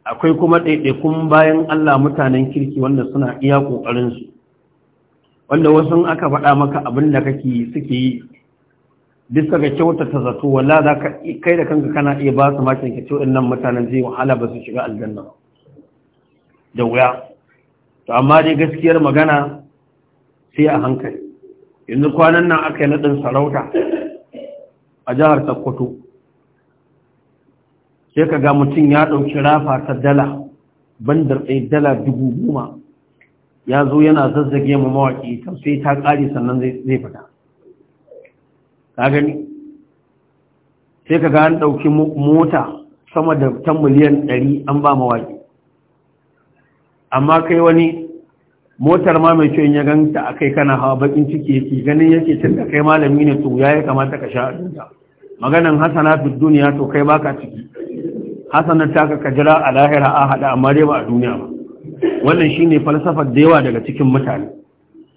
akwai kuma ɗaiɗaikun bayan allah mutanen kirki wanda suna iya ƙoƙarinsu wanda wasu aka faɗa maka abin da kake suke yi duk kyauta ta zato wala za ka kai da kanka kana iya ba su makin ka ciwo nan mutanen zai wahala ba su shiga aljanna da wuya to amma dai gaskiyar magana sai a hankali yanzu kwanan nan aka yi naɗin sarauta a jihar sakkwato sai ka ga mutum ya ɗauki rafa ta dala bandar ɗaya dala dubu goma ya zo yana zazzage mu mawaƙi ta sai ta ƙare sannan zai fita ka gani sai ka an ɗauki mota sama da ta miliyan ɗari an ba mawaƙi amma kai wani motar ma mai cewa ya ganta a kai kana hawa bakin ciki yake ganin yake tun da kai malami ne to ya kamata ka sha a maganan hasana fi duniya to kai baka ciki hasanar ta ka jira a lahira a haɗa amma dai ba a duniya ba wannan shi ne falsafar da yawa daga cikin mutane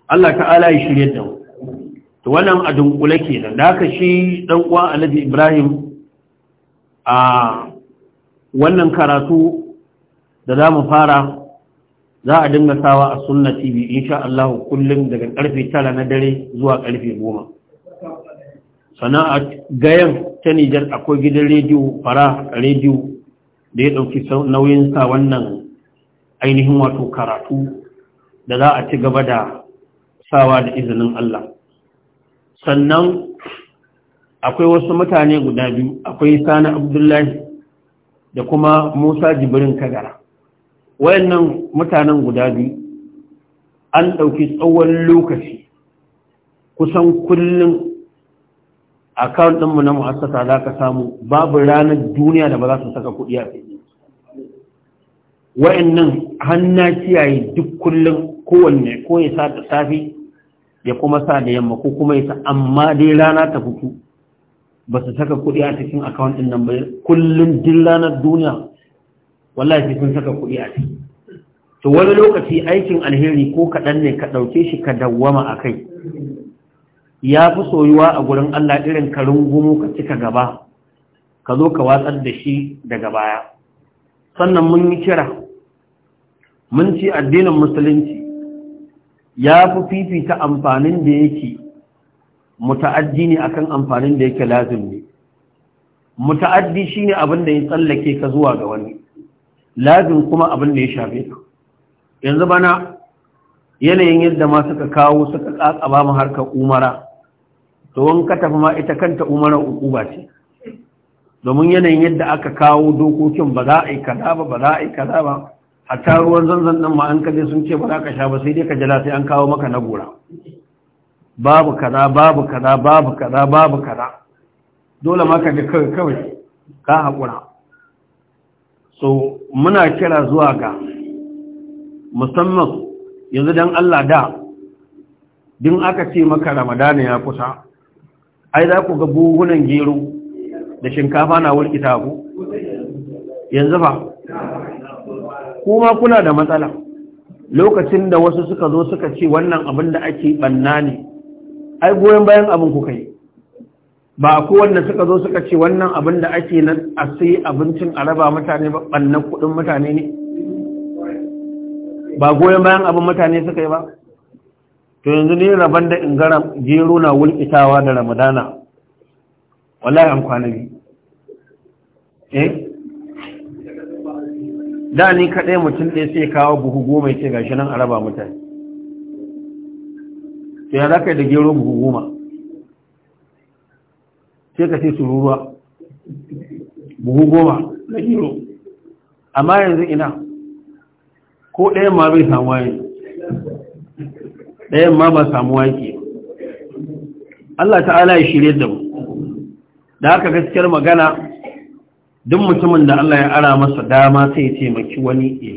Allah ta'ala yi shirye da mu Da wannan a dunkule kenan da haka shi ɗan'uwa uwa Ibrahim a wannan karatu da za mu fara za a dinga sawa a sunna tv insha Allah kullum daga ƙarfe tara na dare zuwa ƙarfe goma. sannan a gayan ta Nijar akwai gidan rediyo fara rediyo da ya ɗauki nauyinsa wannan ainihin wato karatu da za a ci gaba da sawa da izinin Allah sannan akwai wasu mutane guda biyu akwai sani abdullahi da kuma musa jibirin kagara wayannan mutanen guda biyu an ɗauki tsawon lokaci kusan kullum a ɗinmu na mu'assasa za ka samu babu ranar duniya da ba za su saka kuɗi a fiye wa'annan hanna kiyaye duk kullum kowanne ko ya sa da safi ya kuma sa da yamma ko kuma ya sa amma dai rana ta fito ba su saka kuɗi a cikin akawun ɗin nan ba kullum din ranar duniya wallahi sai sun saka kuɗi a ciki to wani lokaci aikin alheri ko kaɗan ne ka ɗauke shi ka dawwama a kai ya fi soyuwa a gurin Allah irin ka rungumo ka cika gaba ka zo ka watsar da shi daga baya sannan mun yi kira mun ci addinin musulunci ya fi fifita amfanin da yake muta'addi ne akan amfanin da yake lazim ne muta'addi shine abin da ya tsallake ka zuwa ga wani lazim kuma abin da ya shafe ka yanzu bana yanayin yadda ma suka kawo suka tsatsaba mu harkar umara to wanka tafi ma ita kanta umara ukuba ce domin yanayin yadda aka kawo dokokin ba za a yi kaza ba ba za a yi kaza ba A ruwan zanzan ɗin ma an kaje sun ce ba za ka sha ba sai dai ka jira sai an kawo maka na gora babu kaza babu kaza babu kaza babu kaza dole ma ka ji kawai kawai ka haƙura so muna kira zuwa ga musamman yanzu don Allah da din aka ce maka ramadana ya kusa ai za ku ga buhunan gero da shinkafa na wulkita ku yanzu fa kuma kuna da matsala lokacin da wasu suka zo suka ce wannan abin da ake banna ne ai goyon bayan abin kuka yi ba ko wanda suka zo suka ce wannan abin da ake na a sai abincin a raba mutane ba bannan kudin mutane ne ba goyon bayan abin mutane suka yi ba to yanzu ne rabon da in gara gero na wulkitawa da ramadana wallahi an kwana biyu eh da ni kaɗai mutum ɗaya sai kawo buhu goma ce gashi nan a raba mutane sai ya za ka yi da gero buhu goma sai ka ce tururuwa buhu goma na gero amma yanzu ina ko ɗayan ma bai samu yi ɗayan ma ba samu waye Allah ta'ala ya shirye da mu da haka gaskiyar magana duk mutumin da Allah ya ara masa dama sai ya taimaki wani e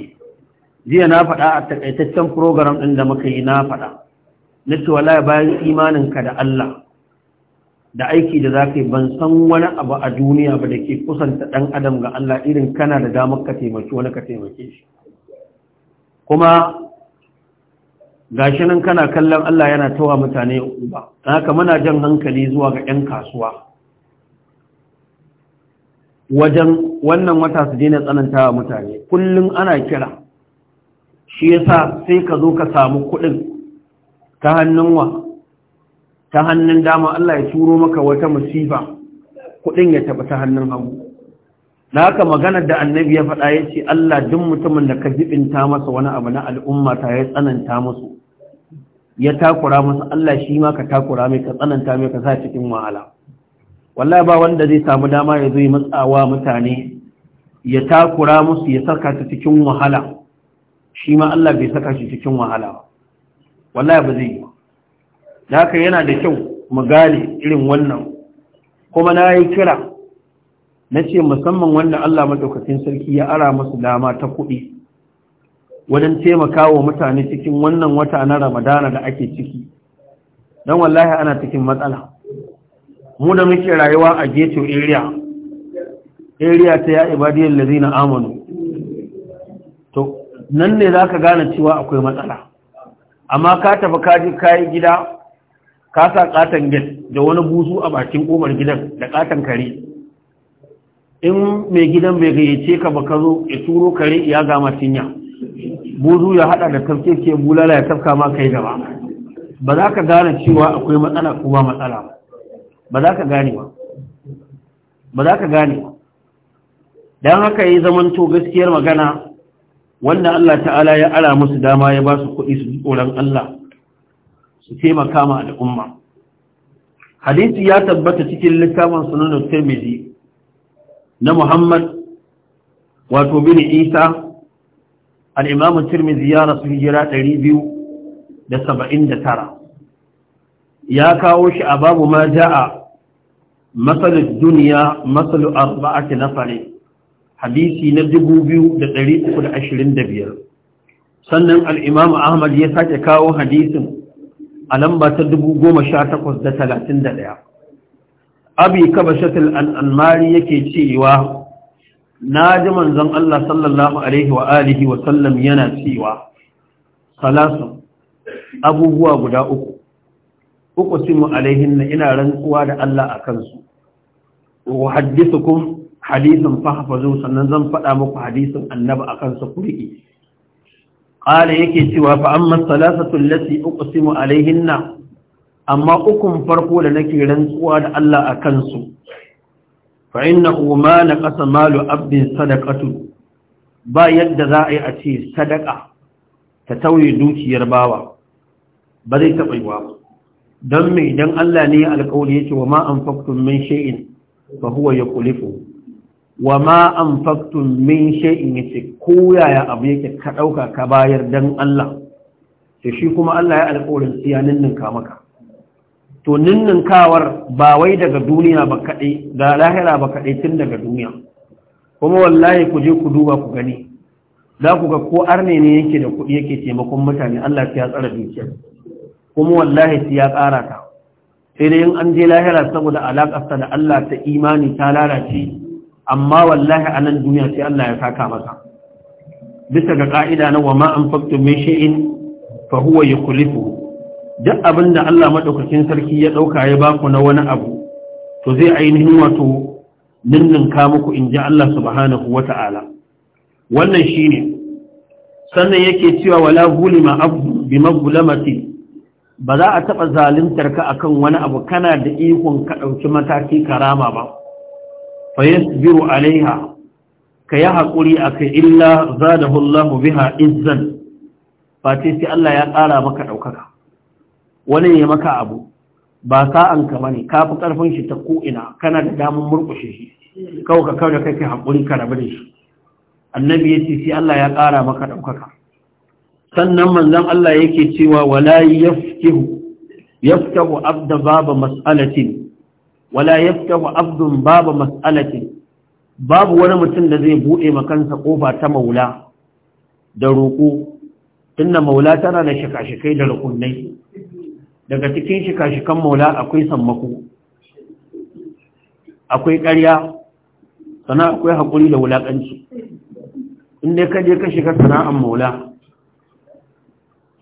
jiya na faɗa a takaitaccen program ɗin da muka yi na faɗa na ce ya bayan imaninka da Allah da aiki da za ka yi ban san wani abu a duniya ba da ke kusanta ɗan adam ga Allah irin kana da damar ka taimaki wani ka taimake shi kuma gashi nan kana kallon Allah yana tawa mutane uba haka muna jan hankali zuwa ga 'yan kasuwa wajen wannan wata su daina tsanantawa mutane kullum ana kira shi yasa sai ka zo ka samu kuɗin ta hannun wa ta hannun dama Allah ya turo maka wata musifa kuɗin ya taɓa ta hannun hagu da haka maganar da annabi ya faɗa ya ce Allah duk mutumin da ka jibinta masa wani abu na al'umma ta ya tsananta musu ya takura masa Allah shi ma ka takura mai ka tsananta mai ka sa cikin wahala wallahi ba wanda zai samu dama ya zo matsawa mutane ya takura musu ya saka ta cikin wahala shi ma Allah bai saka shi cikin wahala ba wallahi ba zai yi da haka yana da kyau mu gane irin wannan kuma na yi kira na ce musamman wanda Allah maɗaukacin sarki ya ara musu dama ta kuɗi wajen taimaka wa mutane cikin wannan wata na ramadana da ake ciki don wallahi ana cikin matsala mu da muke rayuwa a ghetto area area ta ya ibadiyar lazina amanu to nan ne za ka gane cewa akwai matsala amma ka tafi kaji kayi gida ka sa katon gate da wani buzu a bakin komar gidan da katon kare in mai gidan bai gayyace ka ba ka zo ya turo kare ya gama cinya buzu ya hada da tafke ke bulala ya tafka ma kai gaba ba za ka gane cewa akwai matsala ko ba matsala ba ba za ka gane ba don haka yi zamanto gaskiyar magana wanda Allah ta'ala ya ara musu dama ya ba su kuɗi su tsoron Allah su taimaka ma al'umma hadisi ya tabbata cikin littafin sunan tirmidhi na Muhammad wato bini Isa al-Imam ya rasu hijira 279 ya kawo shi a babu ma ja'a masalin duniya masalin arba'ati nafari hadisi na 2325 sannan al'imamu ahmad ya sake kawo hadisin a lamba ta 1831 abi kabashatul al'almari yake cewa na ji manzon Allah sallallahu wa alihi wa sallam yana cewa salasun abubuwa guda uku uqsimu alaihinna ina rantsuwa da Allah akan su wa hadithukum hadithan fahfazu sannan zan faɗa muku hadisin annabi akan su kuriki qala yake cewa fa amma salasatu allati uqsimu alaihinna amma ukun farko da nake rantsuwa da Allah akan su fa innahu ma naqasa malu abdin sadaqatu ba yadda za a yi a ce sadaka ta tauye dukiyar bawa ba zai taɓa yi ba don mai idan Allah ne alƙawari ce wa ma anfaqtum min shay'in fa huwa yuqlifu wa ma anfaqtum min shay'in yace ko yaya abu yake ka dauka ka bayar dan Allah sai shi kuma Allah ya alƙawarin nan ninka maka to ninninkawar ba wai daga duniya ba kaɗai da lahira ba kaɗai tun daga duniya kuma wallahi ku je ku duba ku gani za ku ga ko arne ne yake da kuɗi yake taimakon mutane Allah ya tsara dukiyar kuma wallahi sai ya ƙara ta sai dai in an je lahira saboda alaƙarsa da Allah ta imani ta lalace amma wallahi a nan duniya sai Allah ya saka masa bisa ga ƙa'ida na wa an faktun mai shi'in fa huwa ya duk abin da Allah maɗaukakin sarki ya ɗauka ya baku na wani abu to zai ainihin wato ninninka muku in ji Allah subhanahu wata'ala wannan shi ne sannan yake cewa wala hulima abu bi magbulamati ba za a taɓa zalimtar ka akan wani abu kana da ikon ka ɗauki mataki karama ba fa yasbiru alaiha ka yi haƙuri a kai illa zadahu Allahu biha izzan Fati sai Allah ya ƙara maka ɗaukaka wani ya maka abu ba sa'an ka bane ka fi ƙarfin shi ta ko'ina kana da damar murƙushe shi kawai ka kawai da kai haƙuri ka rabu da shi annabi ya ce sai Allah ya ƙara maka ɗaukaka sannan manzan Allah yake cewa wala yafkihu yaftahu abda baba mas'alatin wala yaftahu abdun baba mas'alatin babu wani mutum da zai bude makansa kofa ta maula da roƙo tunda maula tana da shikashikai da rukunai daga cikin shikashikan maula akwai sammako akwai ƙarya sana akwai haƙuri da wulaƙanci inda ka je ka shiga sana'an maula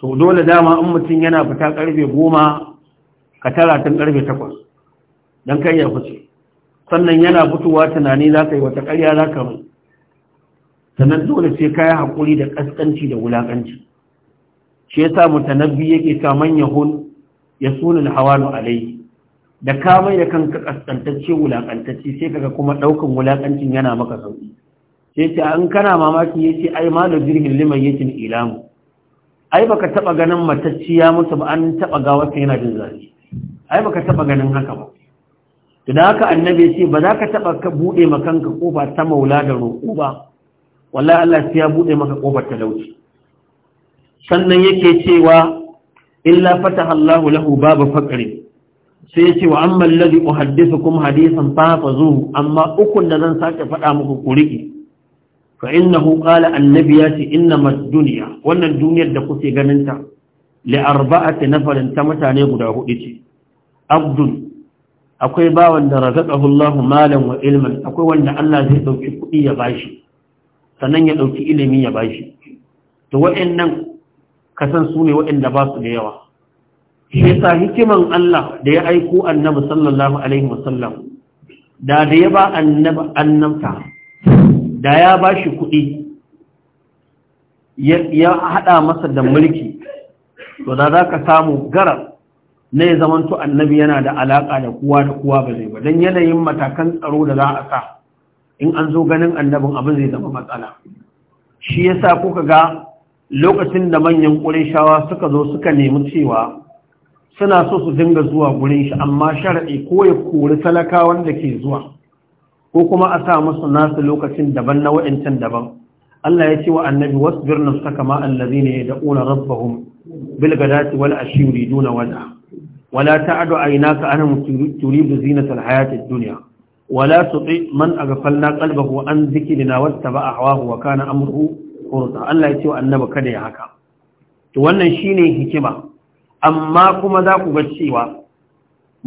to dole dama in mutum yana fita karfe goma ka tara tun karfe takwas don kai ya fice sannan yana fitowa tunani za ka yi wata karya za ka mai sannan dole sai kayan haƙuri da ƙasƙanci da wulaƙanci shi yasa mutanabbi yake sa manya hun ya sunan hawanu alai da ka mai da kanka ƙasƙantacce wulaƙantacce sai kaga kuma ɗaukan wulaƙancin yana maka sauƙi sai ce an kana mamaki ya ce ai malu jirgin liman yakin ilamu ai baka taba ganin matacciya mutu ba an taba ga wata yana jin zafi ai baka taba ganin haka ba da haka annabi ce ba za ka taba ka bude kanka kofa ta maula da roƙo ba wallahi Allah sai ya bude maka kofar talauci sannan yake cewa illa fataha Allah lahu babu faqri sai yace wa amma alladhi uhaddithukum hadithan fa fazuhu amma ukun da zan sake faɗa muku kuriki fa innahu qala annabi ya ce innamas duniya wannan duniyar da kuke ganin ta li na nafarin ta mutane guda hudu ce abdun akwai bawan da razaqahu Allah wa akwai wanda Allah zai ɗauki kuɗi ya bashi sannan ya ɗauki ilimi ya bashi to wa'annan kasan su ne ba su da yawa shi yasa hikiman Allah da ya aiko annabi sallallahu alaihi wasallam da da ya ba annabta da ya ba shi kuɗi ya haɗa masa da mulki to da za ka samu gara na ya zamanto annabi yana da alaƙa da kowa da kowa ba zai ba don yanayin matakan tsaro da za a sa in an zo ganin annabin abin zai zama matsala shi ya sa kuka ga lokacin da manyan shawa suka zo suka nemi cewa suna so su dinga zuwa gurin shi amma sharaɗi ko ya kori talakawan da ke zuwa ko kuma a sa masu nasu lokacin daban na wa'incan daban Allah ya ce wa annabi wasbir nafsaka ma ne da rabbahum bil ghadati wal ashi yuriduna wajha wala ta'du aynaka anhum turidu zinata al hayati ad duniya. wala tuti man kalba ko an ba a ahwahu wa kana amruhu furta Allah ya ce wa annabi kada ya haka to wannan shine hikima amma kuma za ku ga cewa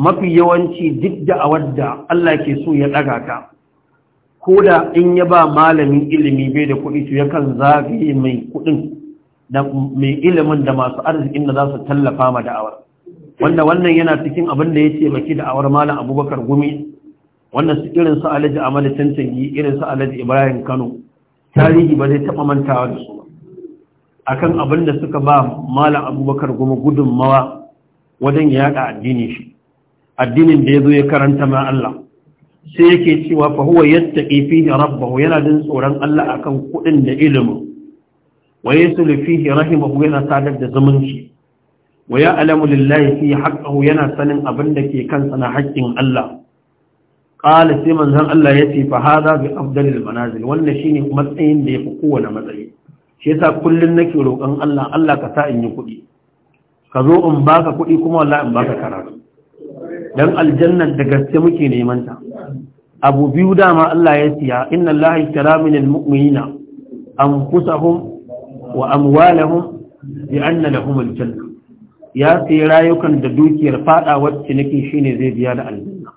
mafi yawanci duk da wadda Allah ke so ya ɗaga ta ko da in ya ba malamin ilimi bai da kuɗi to yakan zafi mai kuɗin da mai ilimin da masu arzikin da za su tallafa ma da'awar wanda wannan yana cikin abin da ya ce maki da'awar malam abubakar gumi wannan su irin su alhaji amal tantangi irin su alhaji ibrahim kano tarihi ba zai taɓa mantawa da su akan abin da suka ba malam abubakar gumi gudunmawa wajen yaɗa addini shi addinin da ya zo ya karanta ma Allah sai yake cewa fa huwa yattaqi fihi rabbahu yana jin tsoron Allah akan kuɗin da ilimin wa yasulu fihi rahimahu yana sadar da zumunci wa ya'lamu lillahi fi haqqahu yana sanin abin da ke kansa na haƙƙin Allah qala sai manzon Allah yace fa hada bi afdalil manazil wannan shine matsayin da yafi kowane matsayi shi yasa kullun nake roƙon Allah Allah ka sa in yi kuɗi ka zo in baka kuɗi kuma wallahi in baka karatu dan aljannan da gaske muke neman ta abu biyu dama Allah ya siya inna Allah ya min almu'minina anfusahum wa amwalahum bi anna lahum aljanna ya sai rayukan da dukiyar fada wacce nake shine zai biya da aljanna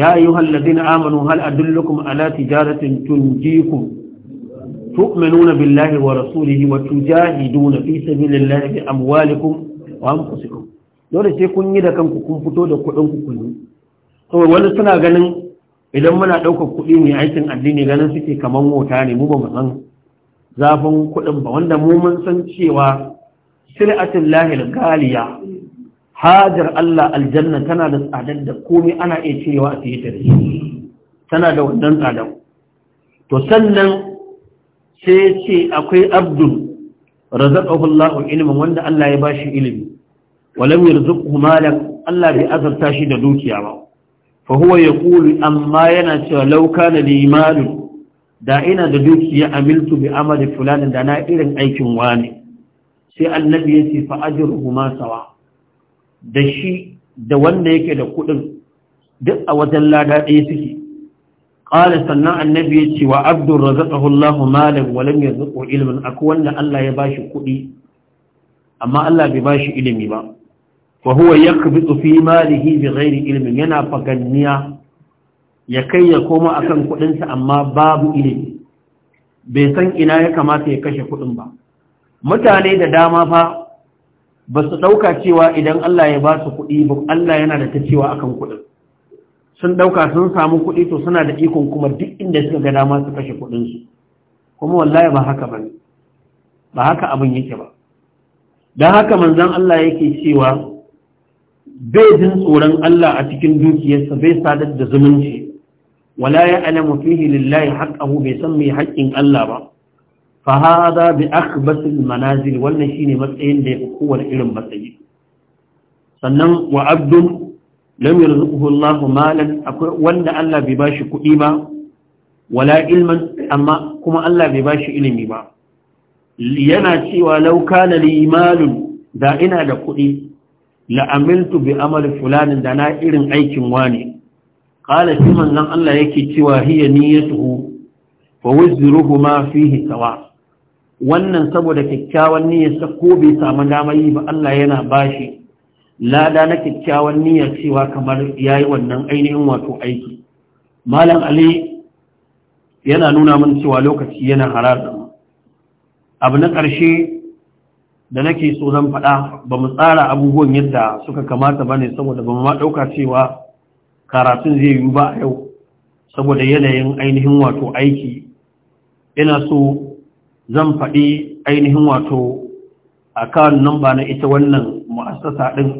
ya ayyuhal ladina amanu hal adullukum ala tijaratin tunjikum تؤمنون wa ورسوله fi في سبيل الله wa وأنفسكم dole sai kun yi da kanku kun fito da kuɗin ku saboda wani suna ganin idan muna ɗaukar kuɗi mai aikin addini ganin suke kamar wota ne mu ba mu san zafin kuɗin ba wanda mu mun san cewa shir'atin lahil galiya hajar Allah aljanna tana da tsadar da komai ana iya cirewa a fiye da shi tana da wannan tsadar to sannan sai ce akwai abdul razaqahu Allahu ilmin wanda Allah ya bashi ilimi walam yarzuqhu malan Allah bai azarta shi da dukiya ba fa huwa yaqulu amma yana cewa law kana li malu da ina da dukiya amiltu bi amali fulan da na irin aikin wani sai annabi yace fa ajruhuma sawa da shi da wanda yake da kudin duk a wajen lada ɗaya suke ƙala sannan annabi ya ce wa abdul razaqahu Allahu malan wa lam yarzuqhu ilmin akwai wanda Allah ya bashi kuɗi amma Allah bai bashi ilimi ba wa ya kubi tsufi malihi bi ghairi ilimin, yana faganniya ya kai ya koma akan kuɗinsa amma babu ilimi bai san ina ya kamata ya kashe kuɗin ba mutane da dama fa ba su ɗauka cewa idan Allah ya ba su kuɗi ba Allah yana da ta cewa akan kuɗin sun ɗauka sun samu kuɗi to suna da ikon kuma duk inda suka ga dama su kashe kuɗinsu kuma wallahi ba haka ba ba haka abin yake ba don haka manzan Allah yake cewa bai jin tsoron Allah a cikin dukiyarsa bai sadar da zumunci wala ya alamu fihi lillahi haqqahu bai san mai haƙƙin Allah ba fa hada bi akhbasil manazil wannan shine matsayin da ya kowane irin matsayi sannan wa abdun lam yarzuquhu Allah malan akwai wanda Allah bai bashi kuɗi ba wala ilman amma kuma Allah bai bashi ilimi ba yana cewa law kana li da ina da kuɗi amiltu bi amali fulanin da na irin aikin wani qala shi manzon Allah yake cewa hiya niyyatuhu wa wuzruhu ma fihi sawa wannan saboda kyakkyawan niyyar sa ko bai samu damar yi ba Allah yana bashi lada na kyakkyawar niyyar cewa kamar yayi wannan ainihin wato aiki malam ali yana nuna min cewa lokaci yana hararsa abu na ƙarshe da nake so zan faɗa ba mu tsara abubuwan yadda suka kamata ba ne saboda ba mu ma ɗauka cewa karatun zai yi ba a yau saboda yanayin ainihin wato aiki ina so zan faɗi ainihin wato a kan namba na ita wannan mu'assasa ɗin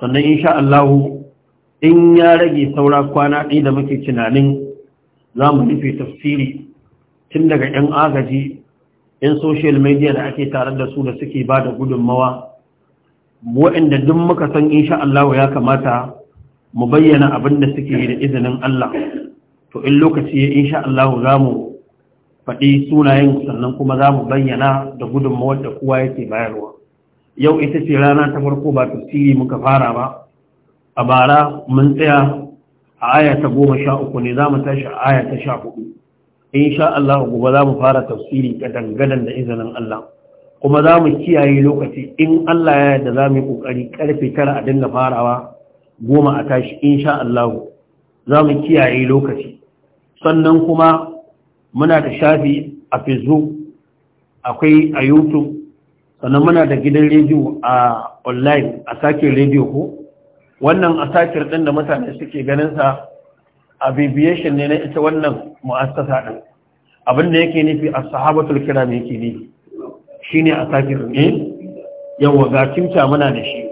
sannan insha Allahu in ya rage saura kwana ɗin da muke tunanin za mu rufe tafsiri tun daga 'yan agaji in social media da ake tare da su da suke ba da gudunmawa waɗanda duk muka san insha Allah ya kamata mu bayyana abin da suke da izinin Allah to in lokaci ya insha Allah za mu faɗi sunayen sannan kuma za mu bayyana da gudunmawar da kowa yake bayarwa yau ita ce rana ta farko ba ta siri muka fara ba a bara mun tsaya a aya ta goma sha uku ne za mu tashi a aya ta sha hudu sha Allah gobe za mu fara tafsiri ga dangadan da izinin Allah kuma za mu kiyaye lokaci in Allah ya yarda za mu yi kokari karfe tara a dinga farawa goma a tashi insha Allah za mu kiyaye lokaci sannan kuma muna da shafi a Facebook akwai a YouTube sannan muna da gidan rediyo a online a sakin rediyo ko wannan a sakin din da mutane suke ganin sa abbreviation ne na ita wannan mu'assasa din abin da yake nufi a sahabatul kiram yake ne shine a sakir ne eh? yawa ga kimta muna da shi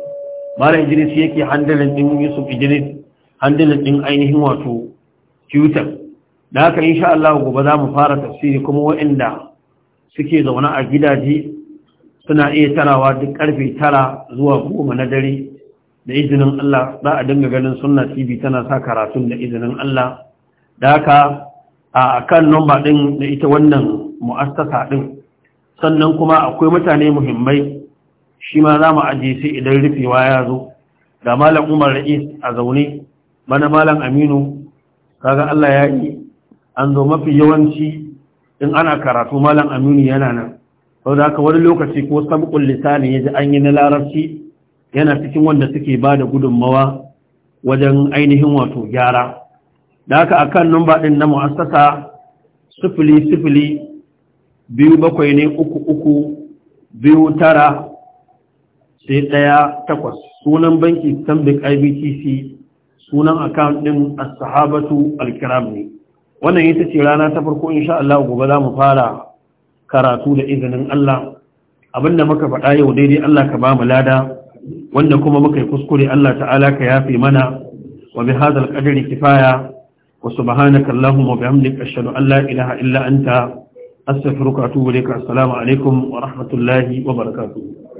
malam Idris yake handalin din Yusuf Idris handalin din ainihin wato tutor da haka insha Allah gobe za mu fara tafsiri kuma waɗanda suke zaune a gidaje suna iya tarawa duk karfe tara zuwa goma na dare da izinin Allah za a dinga ganin sunna tv tana sa karatun da izinin Allah da haka a kan nomba ɗin da ita wannan mu'assasa ɗin sannan kuma akwai mutane muhimmai shi ma za mu ajiye su idan rufewa ya zo da malam umar ra'is a zaune bana malam aminu kaga Allah ya yi an zo mafi yawanci in ana karatu malam aminu yana nan sau da haka wani lokaci ko sabukun lisani ya ji an yi na larabci yana cikin wanda suke ba da gudunmawa wajen ainihin wato gyara da haka a kan numba ɗin na mu'assasa sifili-sifili biyu bakwai ne uku uku biyu tara sai ɗaya takwas sunan banki stanbic ibtc sunan akawun ɗin asahabatu alkiram ne wannan ita ce rana ta farko insha Allah gobe za mu fara karatu da izinin Allah abinda muka faɗa yau daidai Allah ka ba mu lada wanda kuma muka yi kuskure Allah ta'ala ka yafe mana wa bi hadal qadri kifaya wa subhanaka allahumma bihamdika ashhadu an la ilaha illa anta astaghfiruka wa atubu ilaik assalamu alaikum wa rahmatullahi wa barakatuh